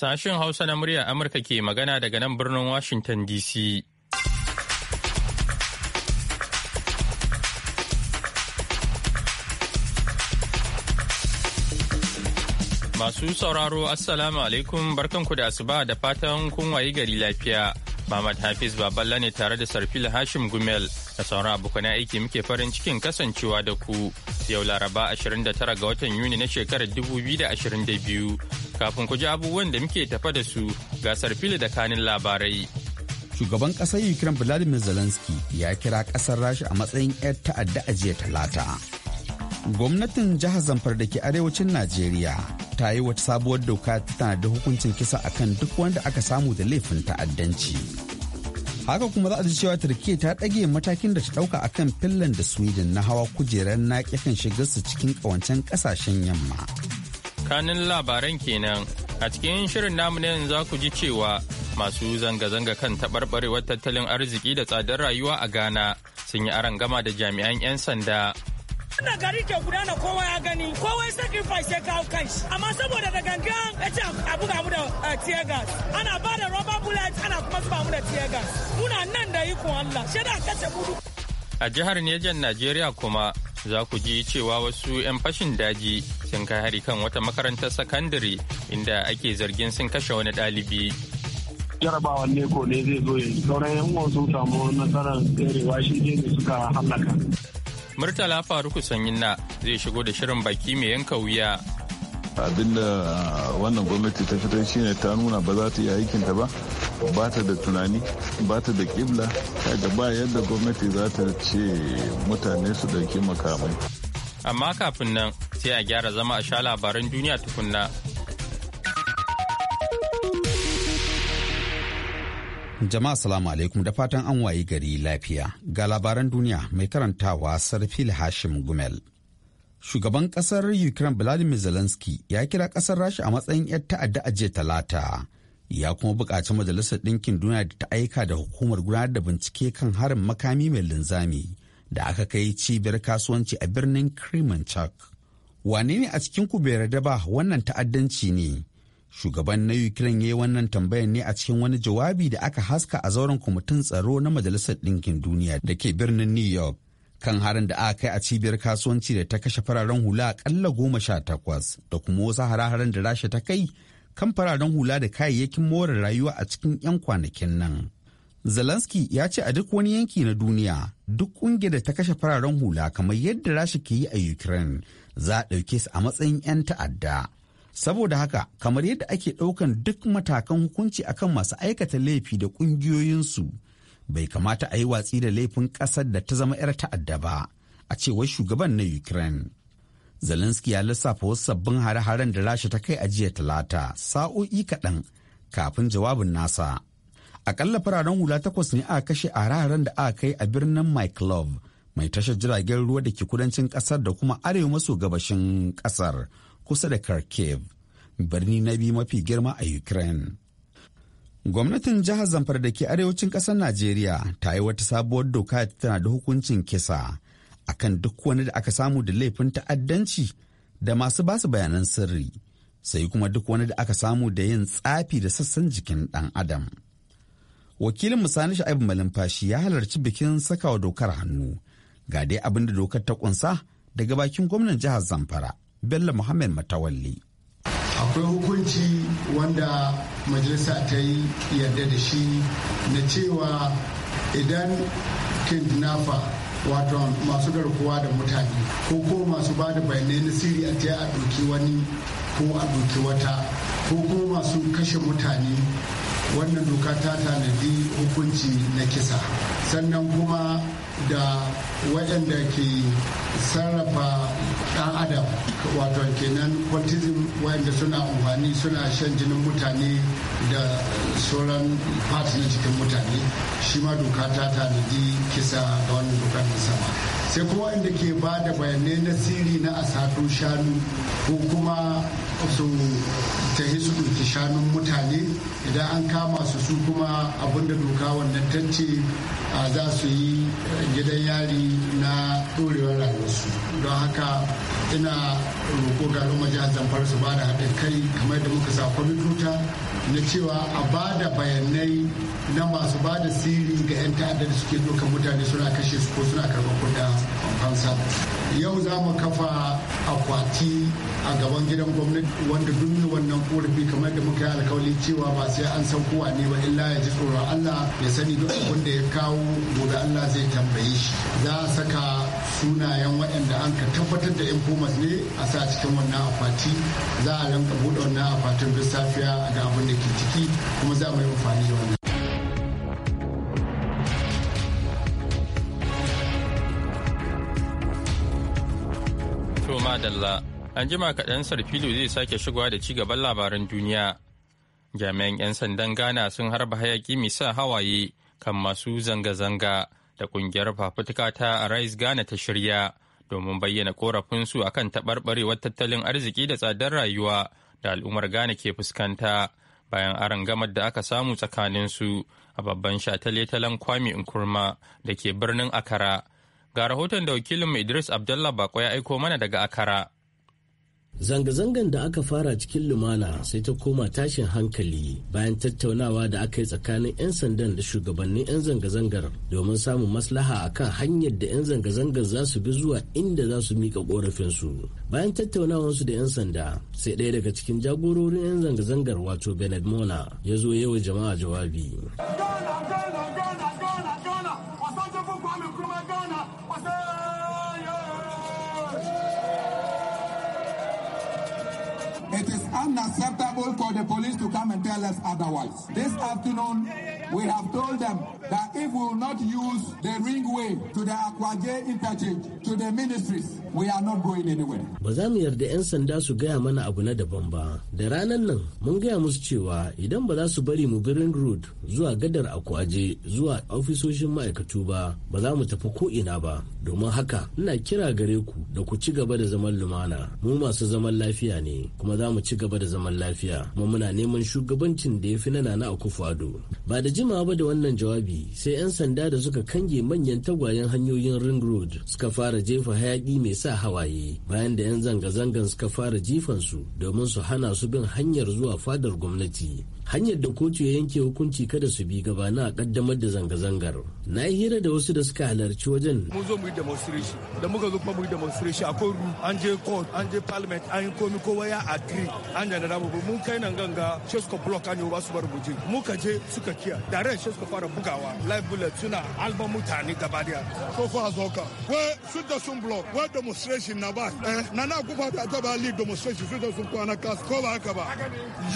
Sashen Hausa na murya Amurka ke magana daga nan birnin Washington DC. Masu sauraro Assalamu alaikum barkanku da asuba da fatan kun wayi gari lafiya. Muhammad Hafiz Baballa ne tare da Sarfil Hashim Gumel da sauran abokan aiki muke farin cikin kasancewa da ku. Yau Laraba 29 ga watan Yuni na shekarar 2022 Kafin ku ji abubuwan da muke tafa da su gasar fili da kanin labarai. Shugaban ƙasar Ukraine Vladimir Zelensky ya kira ƙasar Rasha a matsayin 'yar ta'adda a jiya talata. Gwamnatin jihar Zamfara da ke arewacin Najeriya ta yi wata sabuwar doka tana da hukuncin kisa akan duk wanda aka samu da laifin ta'addanci. haka kuma za a ji cewa Turkiyya ta ɗage matakin da ta ɗauka akan finland da sweden na hawa kujerar naƙi kan shigarsu cikin ƙawancen ƙasashen yamma tsakanin labaran kenan a cikin shirin namu na za ku ji cewa masu zanga-zanga kan taɓarɓarewar tattalin arziki da tsadar rayuwa a ghana sun yi gama da jami'an 'yan sanda wannan gari ke gudana kowa ya gani kowa ya sacrifice ya kawo kai amma saboda da gangan ya ce a buga mu da eh, tear gas ana ba da rubber bullet ana kuma zuba mu da tear gas muna nan da ikon Allah da kace mudu a jihar neja Najeriya kuma za ku ji cewa wasu 'yan fashin daji sun kai hari kan wata makarantar sakandare inda ake zargin sun kashe wani ɗalibi. jarabawan neko ne zai zo yanzu sauran yan uwan sun samu nasarar tserewa shi ne suka hallaka. murtala faruku sanyin na zai shigo da shirin baki mai yanka wuya abinda ah, wannan gwamnati ta fitar ne ta nuna ba za ta yi aikin ba ba ta da tunani ba ta da kibla kaga ba yadda gwamnati za ta ce mutane su dauki makamai amma kafin nan sai a gyara zama a sha labaran duniya tukunna. Jama'a salamu alaikum da fatan an wayi gari lafiya ga labaran duniya mai karantawa sarfil Hashim Gumel. Shugaban kasar Ukraine Vladimir Zelensky ya kira kasar Rasha a matsayin 'yar ta'adda a jiya talata. Ya kuma buƙaci Majalisar Ɗinkin Duniya da ta aika da hukumar gudanar da bincike kan harin makami mai linzami da aka kai cibiyar kasuwanci a birnin Kremenchuk. wane ne a cikin ku bai yarda ba wannan ta'addanci ne shugaban na ukraine ya yi wannan tambayar ne a cikin wani jawabi da aka haska a zauren kwamitin tsaro na majalisar ɗinkin duniya da ke birnin new york kan harin da aka kai a cibiyar kasuwanci da ta kashe fararen hula kalla goma sha takwas da kuma wasu hare-haren da rasha ta kai kan fararen hula da kayayyakin more rayuwa a cikin 'yan kwanakin nan. Zelensky ya ce a duk wani yanki na duniya duk ƙungiyar da ta kashe fararen hula kamar yadda rasha ke yi a Ukraine za a ɗauke su a matsayin 'yan ta'adda saboda haka kamar yadda ake ɗaukan duk matakan hukunci akan masu aikata laifi da ƙungiyoyinsu bai kamata a yi watsi da laifin ƙasar da ta zama 'yar ta'adda ba a cewar shugaban na ukraine zelensky ya lissafa wasu sabbin hare-haren da rasha ta kai a jiya talata sa'o'i kaɗan kafin jawabin nasa akalla fararen hula takwas ne aka kashe a hare-haren da aka kai a birnin mike love mai tashar jiragen ruwa da ke kudancin kasar da kuma arewa maso gabashin kasar kusa da kharkiv birni na biyu mafi girma a ukraine gwamnatin jihar zamfara da ke arewacin kasar najeriya ta yi wata sabuwar doka tana da hukuncin kisa akan duk wani da aka samu da laifin ta'addanci da masu basu bayanan sirri sai kuma duk wani da aka samu da yin tsafi da sassan jikin dan adam wakilin musani sha'ibu malumfashi ya halarci bikin sakawa dokar hannu Ga dai abin da dokar ta kunsa daga bakin gwamnan jihar Zamfara, Bello Muhammad Matawalli. akwai hukunci wanda majalisa ta yi yarda da shi na cewa idan kidnapper wato masu garkuwa da mutane ko ko masu ba da bayanai na siri a a doki wani ko a doki wata ko kuma masu kashe mutane wannan doka ta tanadi hukunci na kisa sannan kuma da waɗanda ke sarrafa ɗan adam wato kenan cultism waɗanda suna amfani suna shan jinin mutane da sauran parts na cikin mutane shi ma doka ta tanadi kisa ga wannan dokar sama sai kuma inda ke ba da bayanai na siri na asatu shanu ko kuma su ta su ɗauki shanun mutane idan an kama su su kuma da doka wannan tace za su yi gidan yari na ɗorewar rayuwarsu don haka ina roƙo ga al'umma jihar zamfara su ba da haɗin kai kamar da muka sa tuta. na cewa a ba da bayanai na masu ba da sirri ga 'yan ta'adda da suke dokan mutane suna kashe su ko suna karɓar kuɗa fansa yau za mu kafa akwati a gaban gidan gwamnati wanda duk wannan korafi kamar da muka yi alkawali cewa ba sai an san kowa ne ba illa ya ji tsoron allah ya sani duk abin da ya kawo gobe allah zai tambaye shi za a saka sunayen waɗanda an ka tabbatar da informers ne a sa cikin wannan akwati za a ranka buɗe wannan akwatin duk safiya ga abin da ke ciki kuma za mu yi amfani da wannan Madalla, an jima kaɗan sarfilo zai sake shigowa da ci gaban labaran duniya. Jami'an 'yan sandan Ghana sun harba hayaki mai sa hawaye kan masu zanga-zanga da kungiyar fafutuka ta Rise Ghana ta shirya domin bayyana korafinsu akan taɓarɓarewar tattalin arziki da tsadar rayuwa da al'ummar Ghana ke fuskanta bayan aron gamar da aka samu tsakaninsu a babban shataletalen Kwame Nkrumah da ke birnin Akara. Ga rahoton da wakilinmu Idris Abdullah Bako ya aiko mana daga Akara. Zanga-zangan da aka fara cikin lumana sai ta koma tashin hankali bayan tattaunawa da aka yi tsakanin 'yan sandan da shugabannin 'yan zanga-zangar domin samun maslaha a kan hanyar da 'yan zanga-zangar za su bi zuwa inda za su mika korafinsu. Bayan tattaunawarsu da 'yan sanda sai ɗaya daga cikin jagororin 'yan zanga-zangar wato Bernard Mona ya zo yawa jama'a jawabi. acepta impossible for the police to come and tell us otherwise. This afternoon, we have told them that if we will not use the ringway to the Akwaje interchange, to the ministries, we are not going anywhere. Ba za mu yarda 'yan sanda su gaya mana abu na daban ba. Da ranar nan mun gaya musu cewa idan ba za su bari mu birin road zuwa gadar akwaje zuwa ofisoshin ma'aikatu ba, ba za mu tafi ko ina ba. Domin haka ina kira gare ku da ku ci gaba da zaman lumana. Mu masu zaman lafiya ne kuma za mu ci gaba da zaman lafiya. Najeriya kuma muna neman shugabancin da ya fi na Nana Akufo-Addo. Ba da jimawa ba da wannan jawabi sai 'yan sanda da suka kange manyan tagwayen hanyoyin Ring Road suka fara jefa hayaki mai sa hawaye bayan da 'yan zanga-zangan suka fara jifansu domin su hana su bin hanyar zuwa fadar gwamnati. hanyar da kotu ya yanke hukunci kada su bi gaba na kaddamar da zanga-zangar na yi hira da wasu da suka halarci wajen mun zo mu yi demonstration da muka zo kuma mu yi demonstration akwai ru an je court an je parliament an yi komi kowa ya agree an da na mun kai nan ganga chesco block an yi ba su bar buje muka je suka kiya tare chesco fara bugawa live bullet suna alba mutane gaba daya so far so we su da sun block we demonstration na ba eh, na na kuma da ta ba lead demonstration su da sun kwana kas ko ba haka ba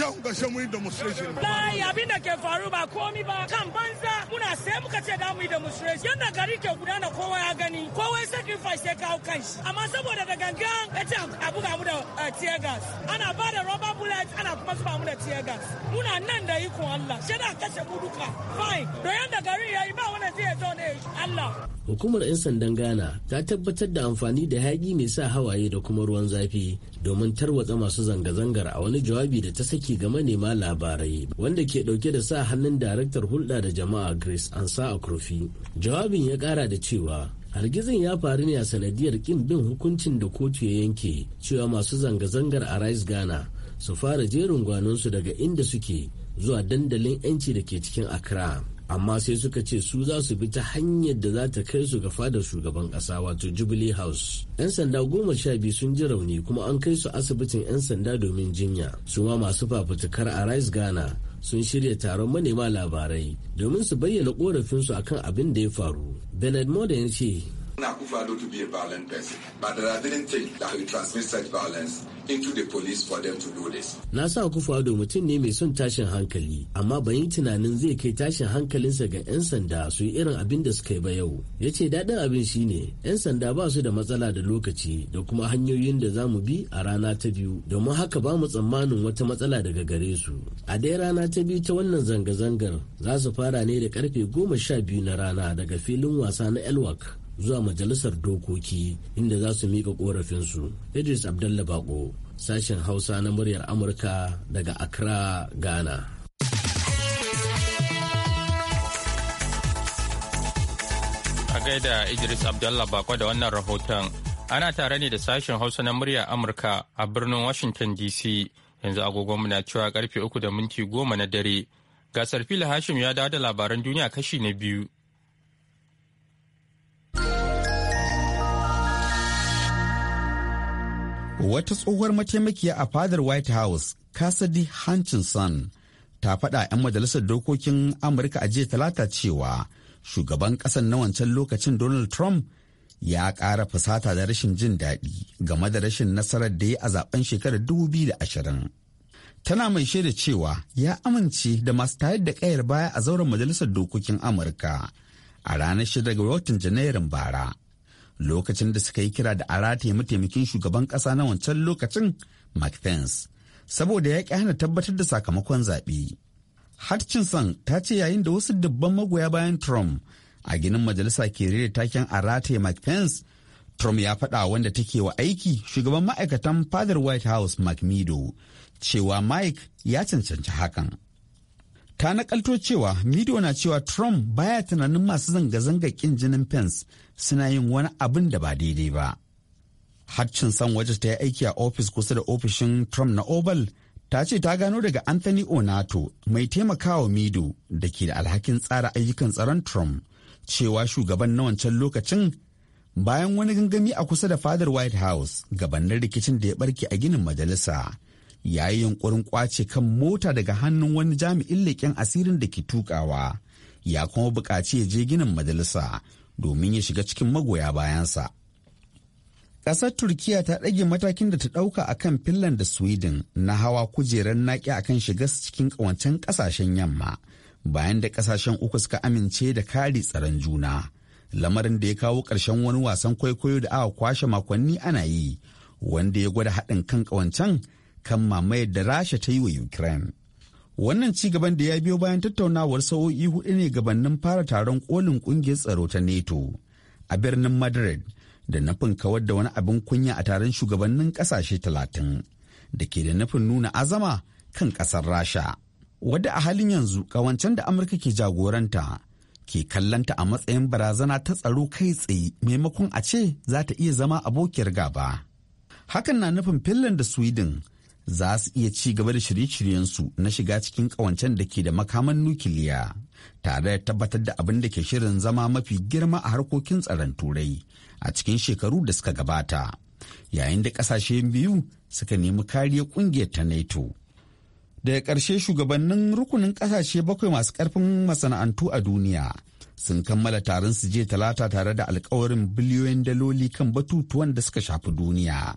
yau ga shamu demonstration Lai abin da ke faru ba komi ba kan banza muna sai muka ce da mu yi demonstration. gari ke gudana kowa ya gani kowa ya sacrifice ya kawo kanshi. Amma saboda da gangan ya ce a buga mu da eh, tear gas. Ana ba da rubber bullet ana kuma zuba mu da tear gas. Muna nan da ikon Allah. da kashe mu duka. Fine. Don yadda gari ya yi ba wani zai zo ne Allah. Hukumar 'yan sandan Ghana ta tabbatar da amfani da hayaki mai sa hawaye da kuma ruwan zafi domin tarwatsa masu zanga-zangar a wani jawabi da ta saki ga manema labarai. yi wanda ke dauke da sa hannun daraktar hulɗa da jama'a Grace Ansa Akrofi. Jawabin ya ƙara da cewa hargitsin ya faru ne a sanadiyar ƙin bin hukuncin da kotu ya yanke cewa masu zanga-zangar a Rice Ghana su fara jerin gwanonsu daga inda suke zuwa dandalin 'yanci da ke cikin Accra. amma sai suka ce su za su bi ta hanyar da za ta kai su ga fadar shugaban kasa wato jubilee house yan sanda goma sha biyu sun ji rauni kuma an kai su asibitin yan sanda domin jinya su ma masu fafutukar a rice ghana sun shirya taron manema labarai domin su bayyana korafinsu akan abin da ya faru bernard morden ya ce Nakufa to be a violent person, but I didn't think that he transmit such violence into the police for them to do Na sa Akufo-Addo mutum ne mai son tashin hankali, amma ban yi tunanin zai kai tashin hankalinsa ga 'yan sanda su yi irin abin da suka yi ba yau. Ya ce daɗin abin shi ne 'yan sanda ba su da matsala da lokaci da kuma hanyoyin da za mu bi a rana ta biyu, domin haka ba mu tsammanin wata matsala daga gare su. A dai rana ta biyu ta wannan zanga-zangar za su fara ne da karfe goma sha biyu na rana daga filin wasa na Elwak zuwa majalisar dokoki inda za su miƙa ƙorafinsu. Idris Abdallah Bako, sashen Hausa na muryar Amurka daga Accra, Ghana. A gaida Idris Abdallah Bako da wannan rahoton. Ana tare ne da sashen Hausa na muryar Amurka a birnin Washington DC. Yanzu agogonmu na cewa karfe uku da minti goma na dare. Gasar fili Hashim ya dawo da labaran duniya kashi na biyu. Wata tsohuwar mataimakiya a fadar White House, Cassidy Hutchinson, ta faɗa 'yan majalisar dokokin Amurka a jiya talata cewa shugaban ƙasar na wancan lokacin Donald Trump ya ƙara fusata da rashin jin daɗi game da rashin nasarar da ya a zaɓen shekarar 2020. Tana mai shaida cewa ya amince da masu tayar da ƙayar baya a zauren majalisar dokokin Amurka a ranar 6 ga watan Janairun bara. lokacin da suka yi kira da a rataye mataimakin shugaban ƙasa na wancan lokacin Mike Pence saboda ya ƙi hana tabbatar da sakamakon zaɓe. Hutchinson ta ce yayin da wasu dubban magoya bayan Trump a ginin majalisa ke rere taken a rataye Mike Pence, Trump ya faɗa wanda take wa aiki shugaban ma'aikatan fadar White House Mike Meadow cewa Mike ya cancanci hakan. Ta nakalto cewa midiyo na cewa Trump baya tunanin masu zanga-zanga kin jinin Pence suna yin wani abin da ba daidai ba. Hutchin san waje ta yi aiki a ofis kusa da ofishin Trump na Oval ta ce ta gano daga Anthony Onato mai taimakawa Mido da ke da alhakin tsara ayyukan tsaron Trump cewa shugaban na wancan lokacin bayan wani gangami a kusa da fadar White House gabanin rikicin da ya barke a ginin majalisa yayi yunkurin kwace kan mota daga hannun wani jami'in leƙen asirin da ke tukawa ya kuma buƙaci ya je ginin majalisa domin ya shiga cikin magoya bayansa. Ƙasar Turkiya ta ɗage matakin da ta ɗauka a kan Finland da Sweden na hawa kujerar naƙi a kan shiga cikin ƙawancen ƙasashen yamma bayan da ƙasashen uku suka amince da kare tsaron juna. Lamarin da ya kawo ƙarshen wani wasan kwaikwayo da aka kwashe makonni ana yi wanda ya gwada haɗin kan ƙawancen kan mamayar da rasha ta yi wa ukraine wannan ci gaban da ya biyo bayan tattaunawar sa'o'i hudu ne gabanin fara taron kolin kungiyar tsaro ta NATO. a birnin madrid da nufin kawar da wani abin kunya a taron shugabannin kasashe talatin da ke da nufin nuna azama kan kasar rasha wadda a halin yanzu kawancen da amurka ke jagoranta ke kallanta a matsayin barazana ta tsaro kai tsaye maimakon a ce za ta iya zama abokiyar gaba hakan na nufin finland da sweden za su iya ci gaba da shirye-shiryensu na shiga cikin ƙawancen da ke da makaman nukiliya tare da tabbatar da abin da ke shirin zama mafi girma a harkokin tsaron turai a cikin shekaru da suka gabata yayin da ƙasashe biyu suka nemi kariyar ƙungiyar ta nato daga ƙarshe shugabannin rukunin ƙasashe bakwai masu ƙarfin masana'antu a duniya sun kammala taron su je talata tare da alkawarin biliyoyin daloli kan batutuwan da suka shafi duniya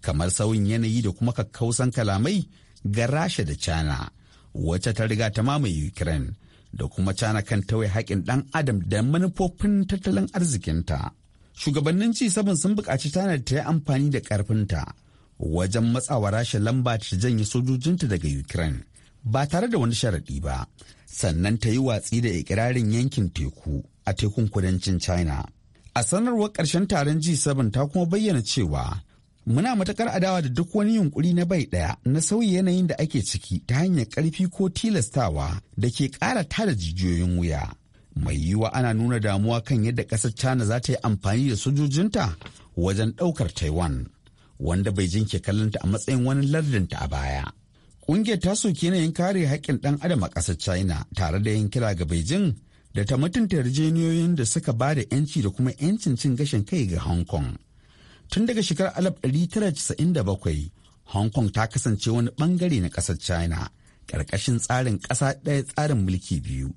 kamar sauyin yanayi da kuma kakkausan kalamai ga rasha da china wacce ta riga ta mamaye ukraine da kuma cana kan tawaye haƙin ɗan adam da manufofin tattalin arzikinta shugabannin ci sabon sun buƙaci tana ta yi amfani da ƙarfinta wajen matsawa rasha lamba ta janye sojojinta daga ukraine ba tare da wani sharaɗi ba sannan ta yi watsi da ikirarin yankin teku a tekun kudancin china a sanarwar ƙarshen taron g7 ta kuma bayyana cewa Muna matakar adawa da duk wani yunkuri na bai ɗaya na sauyi yanayin da ake ciki ta hanyar karfi ko tilastawa da ke ƙara tada jijiyoyin wuya. Mai yiwuwa ana nuna damuwa kan yadda ƙasar China za ta yi amfani da sojojinta wajen ɗaukar Taiwan, wanda bai ke kallonta a matsayin wani lardinta a baya. Ƙungiyar ta soki yanayin kare haƙƙin ɗan adam a ƙasar China tare da yin kira ga Beijing da ta mutunta yarjejeniyoyin da suka ba da 'yanci da kuma 'yancin cin gashin kai ga Hong Kong. tun daga shekarar 1997 hong kong ta kasance wani bangare na ƙasar china ƙarƙashin tsarin ƙasa ɗaya tsarin mulki biyu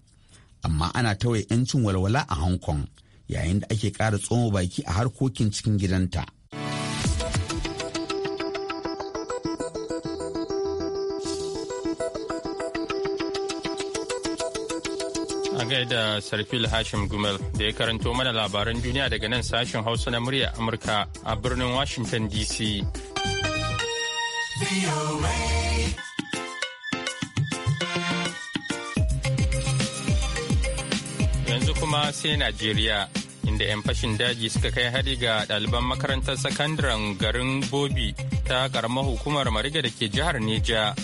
amma ana tawaye 'yancin walwala a hong kong yayin da ake ƙara tsoma baki a harkokin cikin gidanta A gaida Sarfil Hashim Gumel da ya karanto mana labaran duniya daga nan sashen Hausa na murya Amurka a birnin Washington DC. Yanzu kuma sai Najeriya. inda 'yan fashin daji suka kai hari ga ɗaliban makarantar sakandaren garin bobi ta karamar hukumar mariga da ke jihar neja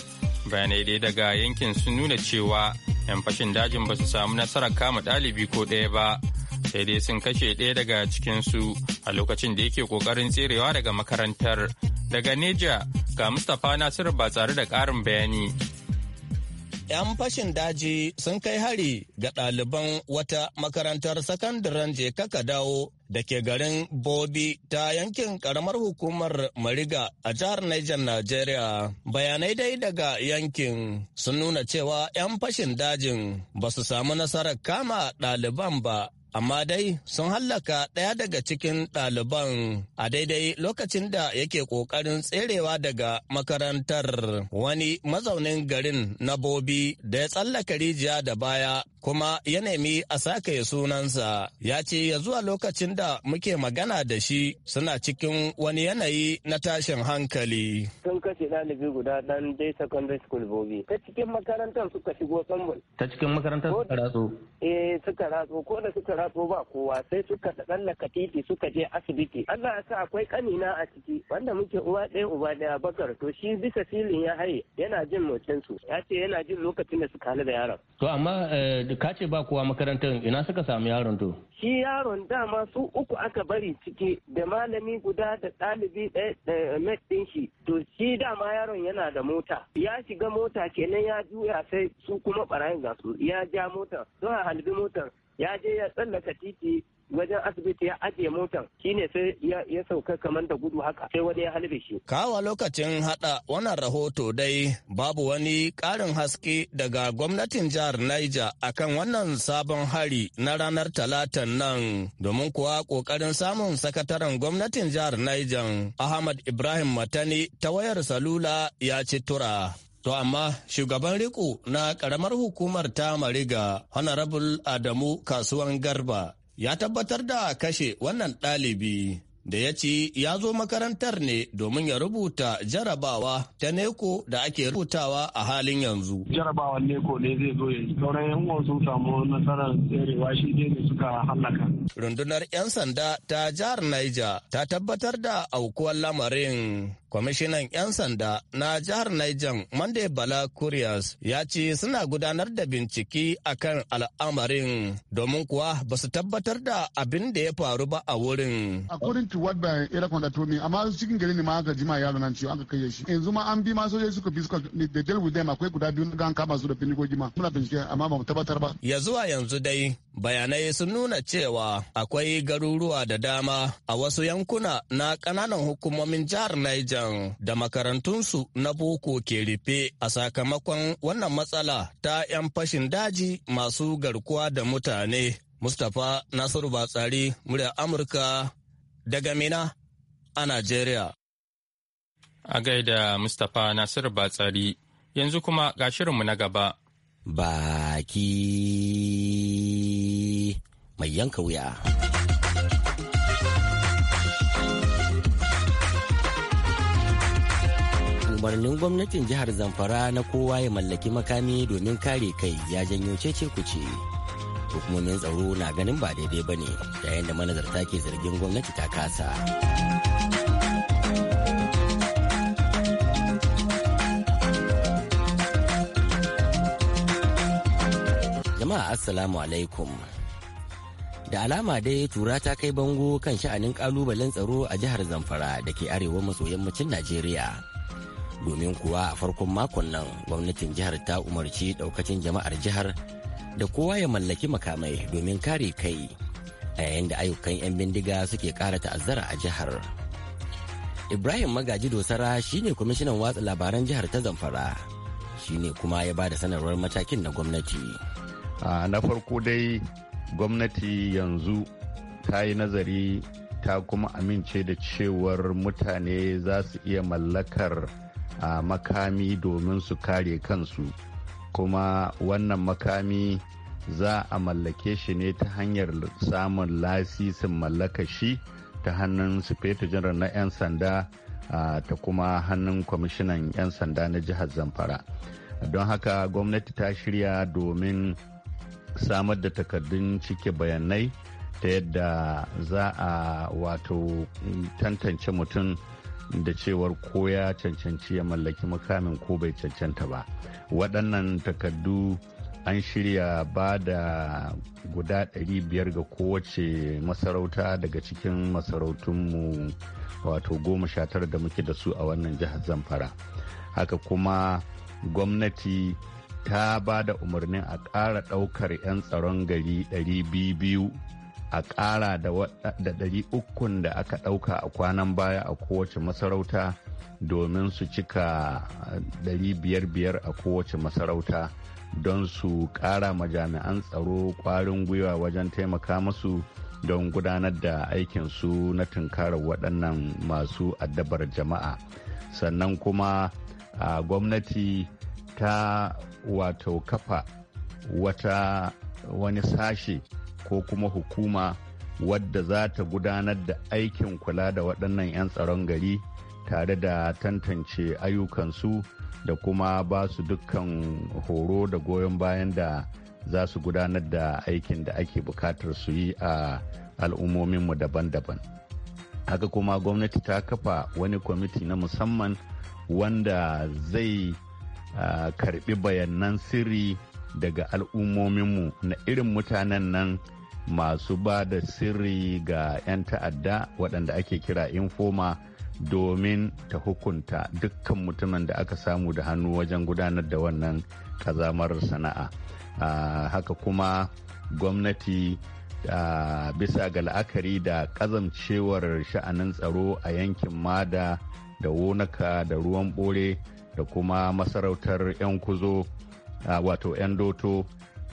bayanai dai daga yankin sun nuna cewa 'yan fashin dajin ba su samu nasarar kama ɗalibi ko ɗaya ba sai dai sun kashe ɗaya daga cikinsu a lokacin da yake ƙoƙarin tserewa daga makarantar daga neja ga mustapha nasiru ba tsare da ƙarin bayani 'yan fashin daji sun kai hari ga ɗaliban wata makarantar sakandaren ka dawo da ke garin bobi ta yankin karamar hukumar mariga a jihar niger nigeria bayanai dai daga yankin sun nuna cewa 'yan fashin dajin ba su samu nasarar kama ɗaliban ba amma dai sun hallaka ɗaya daga cikin ɗaliban a daidai lokacin da yake ƙoƙarin tserewa daga makarantar wani mazaunin garin na bobi da ya tsallaka rijiya da baya kuma ya nemi a sake sunansa ya ce ya zuwa lokacin da muke magana da shi suna cikin wani yanayi na tashin hankali. Sun kashe ɗalibi guda ɗan dai secondary school bobi. Ta cikin makarantar suka shigo sambul. Ta cikin makarantar suka ratso. Eh suka ratso ko da suka ratso ba kowa sai suka tsallaka titi suka je asibiti. Allah ya sa akwai kanina a ciki wanda muke uwa ɗaya uba ɗaya bakar to shi bisa filin ya haye yana jin motsinsu ya ce yana jin lokacin da suka hali da yaron. To amma eh, ka ce ba kowa makarantar ina suka samu yaron to shi yaron dama su uku aka bari ciki da malami guda da ɗalibi ɗaya ɗin shi to shi dama yaron yana da mota ya shiga mota kenan ya juya sai su kuma ɓarayin gasu ya ja mota don a halbi motar ya je ya tsallaka titi wajen asibiti ya ajiye motan shine sai ya sauka kamar da gudu haka sai wani ya halbe shi kawa lokacin hada wannan rahoto dai babu wani karin haske daga gwamnatin jihar Niger akan wannan sabon hari na ranar talatan nan domin kuwa kokarin samun sakataren gwamnatin jihar Niger Ahmad Ibrahim Matani ta wayar salula ya ci tura To amma shugaban riko na karamar hukumar ta Mariga Honorable Adamu Kasuwan Garba ya tabbatar da kashe wannan ɗalibi da ya ce ya zo makarantar ne domin ya rubuta jarabawa ta neko da ake rubutawa a halin yanzu. Jarabawan neko ne zai zo ya yi. Sauran yan samu nasarar tserewa shi ne da suka hallaka. Rundunar 'yan sanda ta jihar Niger ta tabbatar da aukuwar lamarin. Kwamishinan 'yan sanda na jihar Niger Monday Bala kurias ya ce suna gudanar da bincike akan al'amarin domin kuwa ba su tabbatar da abin da ya faru ba a wurin. According to what by Era Kwanda told me, amma cikin gari ne ma aka jima yaro nan an aka kai shi. Yanzu ma an bi ma sojoji suka bi suka da deal with them akwai guda biyu na gan kama su da ko ma. Muna bincike amma ba mu tabbatar ba. Ya zuwa yanzu dai bayanai sun nuna cewa akwai garuruwa da dama a wasu yankuna na ƙananan hukumomin jihar Niger da makarantunsu na boko ke rufe a sakamakon wannan matsala ta 'yan fashin daji masu garkuwa da mutane. Mustapha Nasiru Batsari, murya Amurka daga Mina a Najeriya. A gaida Mustapha Nasiru Batsari, yanzu kuma ga shirinmu na gaba. baki mai yanka wuya. umarnin gwamnatin jihar zamfara na kowa ya mallaki makami domin kare kai ya janyo cece kuce hukumomin tsaro na ganin ba daidai ba ne yayin da manazarta ke zargin gwamnati ta kasa. Jama'a Assalamu alaikum. Da alama dai tura ta kai bango kan sha'anin kalubalen tsaro a jihar Zamfara da ke arewa maso yammacin Najeriya. Domin kuwa a farkon makon nan gwamnatin jihar ta umarci daukacin jama'ar jihar da kowa ya mallaki makamai domin kare kai a yayin da ayyukan 'yan bindiga suke kara ta'azzara a jihar. Ibrahim Magaji Dosara shine kwamishinan watsa labaran jihar ta Zamfara. shine kuma ya ba da sanarwar matakin na gwamnati. na farko dai gwamnati yanzu ta yi nazari ta kuma amince da cewar mutane za su iya mallakar a makami domin su kare kansu kuma wannan makami za a mallake shi ne ta hanyar samun lasisin mallaka shi ta hannun sufeto janar na 'yan sanda ta kuma hannun kwamishinan 'yan sanda na jihar zamfara don haka gwamnati ta shirya domin samar da takardun cike bayanai ta yadda za a wato tantance mutum da cewar ko ya cancanci ya mallaki makamin ko bai cancanta ba waɗannan takardu an shirya ba da guda 500 ga kowace masarauta daga cikin masarautunmu wato goma sha tara da muke da su a wannan jihar zamfara haka kuma gwamnati ta ba da umarnin a ƙara ɗaukar 'yan tsaron gari 200 a ƙara da 300 da aka ɗauka a kwanan baya a kowace masarauta domin su cika 500 eh, a kowace masarauta don su ƙara majami'an tsaro ƙwarin gwiwa wajen taimaka musu don gudanar da aikinsu na tunkarar waɗannan masu addabar jama'a sannan kuma a ah, gwamnati ta wato kafa wata wani sashe ko kuma hukuma wadda za ta gudanar da aikin kula da waɗannan 'yan tsaron gari tare da tantance ayyukansu da kuma ba su dukkan horo da goyon bayan da za su gudanar da aikin da ake bukatar su yi a al'ummominmu daban-daban haka kuma gwamnati ta kafa wani kwamiti na musamman wanda zai karbi bayanan sirri daga al'ummominmu na irin mutanen nan masu ba da sirri ga 'yan ta'adda waɗanda ake kira infoma domin ta hukunta dukkan mutumin da aka samu da hannu wajen gudanar da wannan kazamar sana'a haka kuma gwamnati bisa ga la'akari da kazamcewar sha'anin tsaro a yankin mada da wonaka da ruwan bore da kuma masarautar 'yan kuzo wato 'yan doto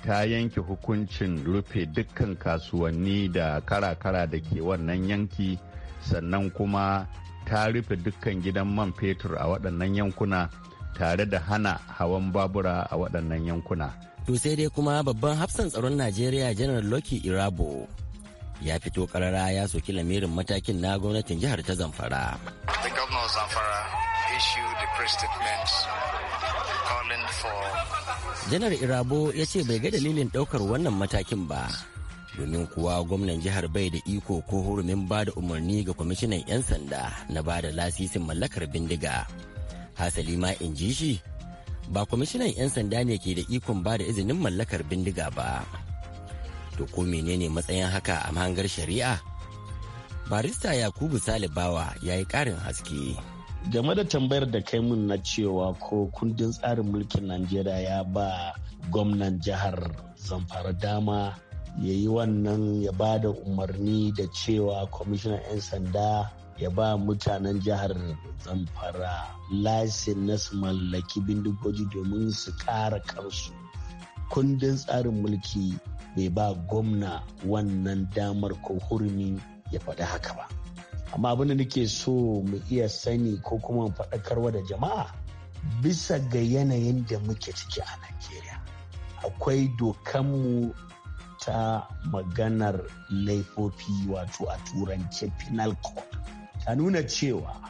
ta yanke hukuncin rufe dukkan kasuwanni da kara-kara da ke wannan yanki sannan kuma ta rufe dukkan gidan man fetur a waɗannan yankuna tare da hana hawan babura a waɗannan yankuna. To sai dai kuma babban hafsan tsaron Najeriya janar Loki Irabo ya fito karara ya soki lamirin matakin na gwamnatin jihar ta Zamfara. Governor Zamfara issued a press statement calling for. Janar Irabo ya ce bai ga dalilin ɗaukar wannan matakin ba. domin kuwa gwamnan jihar bai da iko ko hurumin ba da umarni ga kwamishinan 'yan sanda na ba da lasisin mallakar bindiga hasali ma in ji shi ba kwamishinan 'yan sanda ne ke da ikon ba da izinin mallakar bindiga ba to ko menene matsayin haka a mahangar shari'a barista yakubu salibawa ya yi ƙarin haske game da tambayar da kai mun na cewa ko kundin tsarin mulkin najeriya ya ba gwamnan jihar zamfara dama ya yi wannan ya ba da umarni da cewa kwamishinan 'yan sanda ya ba mutanen jihar zamfara lasin na su mallaki bindigoji domin su kara karsu kundin tsarin mulki bai ba gwamna wannan damar ko hurumi ya faɗi haka ba amma abin da nake so mu iya sani ko kuma faɗakarwa da jama'a bisa ga yanayin da muke ciki a najeriya akwai dokanmu ta maganar laifofi wato a turance penal code ta nuna cewa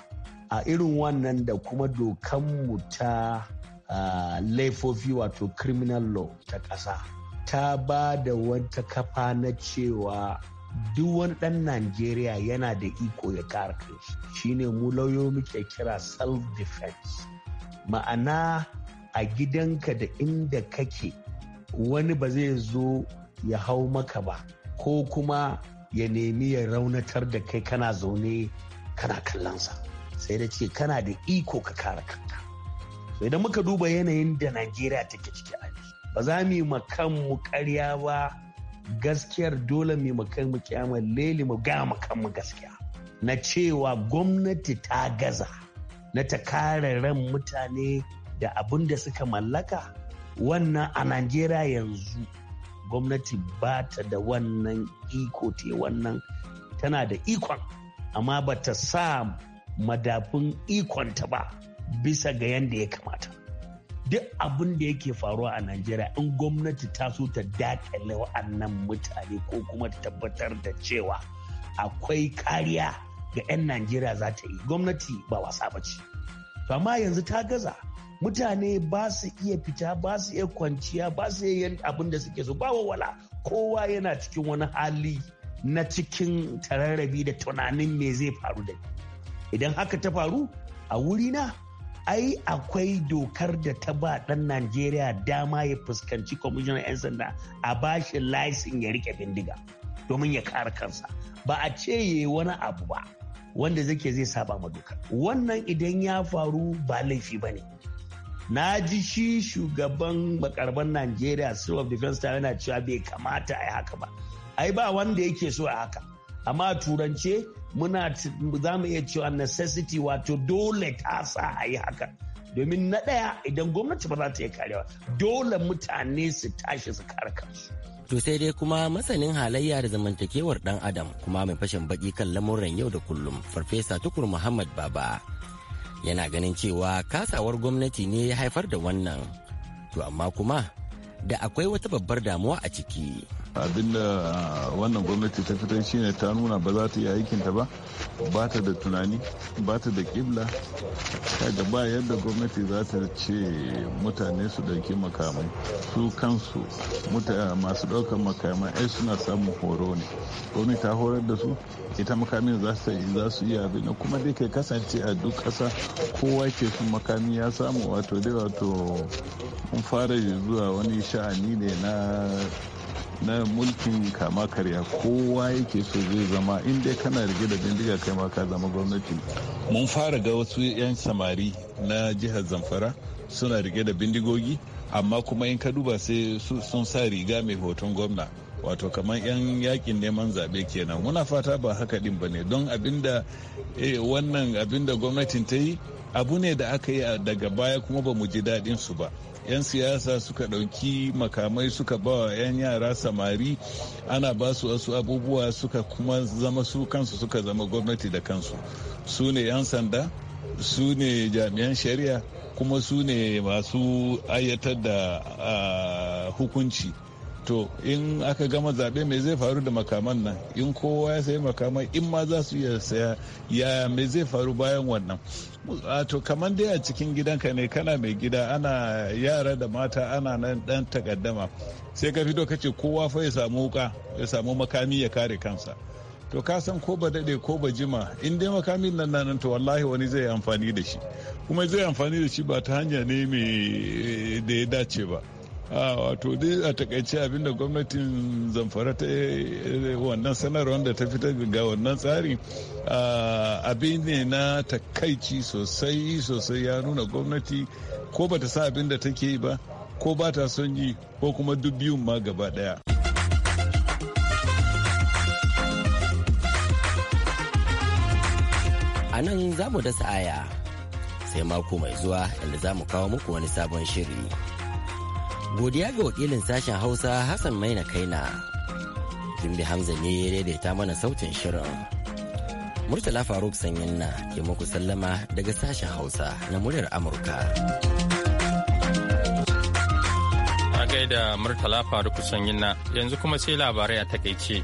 a irin wannan da kuma dokanmu ta uh, laifofi wato criminal law ta ƙasa ta ba da wata kafa na cewa duk wani ɗan Najeriya yana da iko ya kare kanshi shine mu lauyo muke kira self defense ma'ana a gidanka da inda kake wani ba zai zo ya hau maka ba ko kuma ya nemi ya raunatar da kai kana zaune kana kallonsa sai da ce kana da iko ka kare kanka da muka duba yanayin da najeriya take ciki a ba za mu yi kanmu karya ba gaskiyar dole mai kai mu kyamar leli mu gama kanmu gaskiya na cewa gwamnati ta gaza na ta kare ran mutane da abin da suka mallaka wannan a najeriya yanzu gwamnati ba ta da wannan iko te wannan tana da ikon amma ba ta sa madafin ikonta ba bisa ga yadda ya kamata duk abin da yake faruwa a najeriya in gwamnati ta so ta dakale wa'annan mutane ko kuma ta tabbatar da cewa akwai kariya ga 'yan najeriya za ta yi gwamnati ba wasa ba ce amma yanzu ta gaza mutane ba su iya fita ba su iya kwanciya ba su iya abin da suke so ba wala kowa yana cikin wani hali na cikin tararrabi da tunanin me zai faru da ni idan haka ta faru a wurina ai akwai dokar da ta ba dan najeriya dama ya fuskanci kwamishinan 'yan sanda a bashi laisin ya rike bindiga domin ya kare kansa ba a ce ya yi wani abu ba wanda zake zai saba ma dokar wannan idan ya faru ba laifi ba ne na ji shi shugaban makarban najeriya of defense ta yana cewa bai kamata a yi haka ba ai ba wanda yake so a haka amma a turance muna za mu iya cewa necessity wato dole ta sa a yi haka domin na ɗaya idan gwamnati ba za ta yi karewa dole mutane su tashi su kare To sai dai kuma masanin halayya da zamantakewar dan adam kuma mai fashin baki kan lamuran yau da kullum farfesa tukur Muhammad Baba yana ganin cewa kasawar gwamnati ne ya haifar da wannan. To amma kuma da akwai wata babbar damuwa a ciki. abinda wannan gwamnati ta fitar shine ta nuna ba za ta yi aikinta ba ba ta da tunani ba ta da kibla kaga ba yadda gwamnati za ta ce mutane su ɗauki makamai su kansu masu ɗaukar makamai ai suna samun horo ne gwamnati ta horar da su ita makamin za su iya abin kuma dai kai kasance a duk ƙasa kowa ke sun makami ya samu wato dai wato mun fara zuwa wani sha'ani ne na na mulkin kama karya kowa yake so zai zama inda kana rige da bindiga kai ma ka zama gwamnati mun fara ga wasu 'yan samari na jihar zamfara suna rige da bindigogi amma kuma in ka duba sai sun sa riga mai hoton gwamna wato kamar 'yan yakin neman zaɓe kenan muna fata ba haka din ba ne don abinda eh, wannan abinda gwamnatin ta yi abu ne da aka yi daga baya kuma ba mu ji daɗin su ba 'yan siyasa suka ɗauki makamai suka bawa 'yan yara samari ana ba su wasu abubuwa suka kuma zama su kansu suka zama gwamnati da kansu su ne 'yan sanda su ne jami'an shari'a kuma su ne masu ayyatar da hukunci to in aka gama zaɓe me zai faru da makaman nan in kowa ya sayi makaman in ma za su iya saya ya me zai faru bayan wannan to kamar dai a cikin gidanka ne kana mai gida ana yara da mata ana nan dan takaddama sai ka fito ka ce kowa fa ya samu wuka ya samu makami ya kare kansa to ka san ko ba dade ko ba jima in dai makamin nan nan to wallahi wani zai amfani da shi kuma zai amfani da shi ba ta hanya ne mai eh, da ya dace ba wato dai a takaice abinda gwamnatin zamfara ta eh, wannan sanarwar da ta fitar ga wannan tsari abin ne na takaici sosai sosai ya nuna gwamnati ko ba ta sa abin da take yi ba ko ba ta son yi ko kuma duk biyun ma gaba daya. A nan za mu dasa aya sai mako mai zuwa inda za mu kawo muku wani sabon shiri. Godiya ga wakilin sashen Hausa Hassan Maina Kaina. Jimbi Hamza ne ya daidaita mana sautin shirin. Murtala Faruk Sanyin na ke muku sallama daga sashen Hausa na muryar Amurka. A gaida Murtala Faruk Sanyin na yanzu kuma sai labarai a takaice.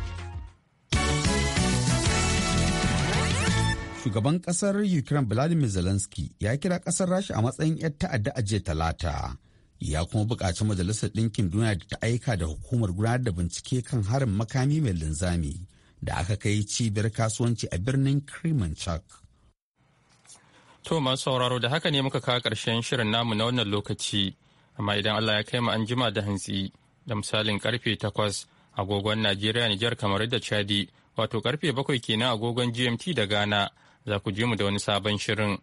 Shugaban kasar Ukraine Vladimir Zelensky ya kira kasar Rasha a matsayin 'yar ta'adda a jiya talata. ya kuma buƙaci majalisar ɗinkin duniya da ta aika da hukumar gudanar da bincike kan harin makami mai linzami da aka kai cibiyar kasuwanci a birnin Kremenchuk. To masu sauraro da haka ne muka kawo ƙarshen shirin namu na wannan lokaci, amma idan Allah ya kai mu an jima da hantsi da misalin karfe takwas agogon Najeriya Nijar kamar da Chadi wato karfe bakwai kenan agogon GMT da Ghana za ku je mu da wani sabon shirin.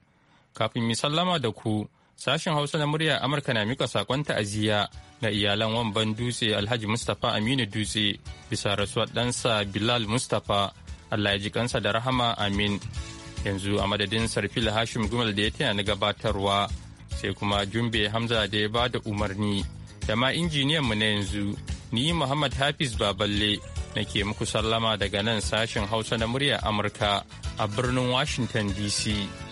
Kafin mu sallama da ku Sashen Hausa na murya Amurka na mika sakon ta'aziyya ga iyalan Wamban Dutse Alhaji Mustapha Aminu Dutse bisa rasuwar ɗansa Bilal Mustapha Allah ya ji kansa da rahama amin. Yanzu a madadin Sarfil Hashim Gumal da ya taya na gabatarwa sai kuma Jumbe Hamza da ya ba da umarni da ma injiniyan mu na yanzu ni Muhammad Hafiz Baballe na ke muku sallama daga nan sashen Hausa na murya Amurka a birnin Washington DC.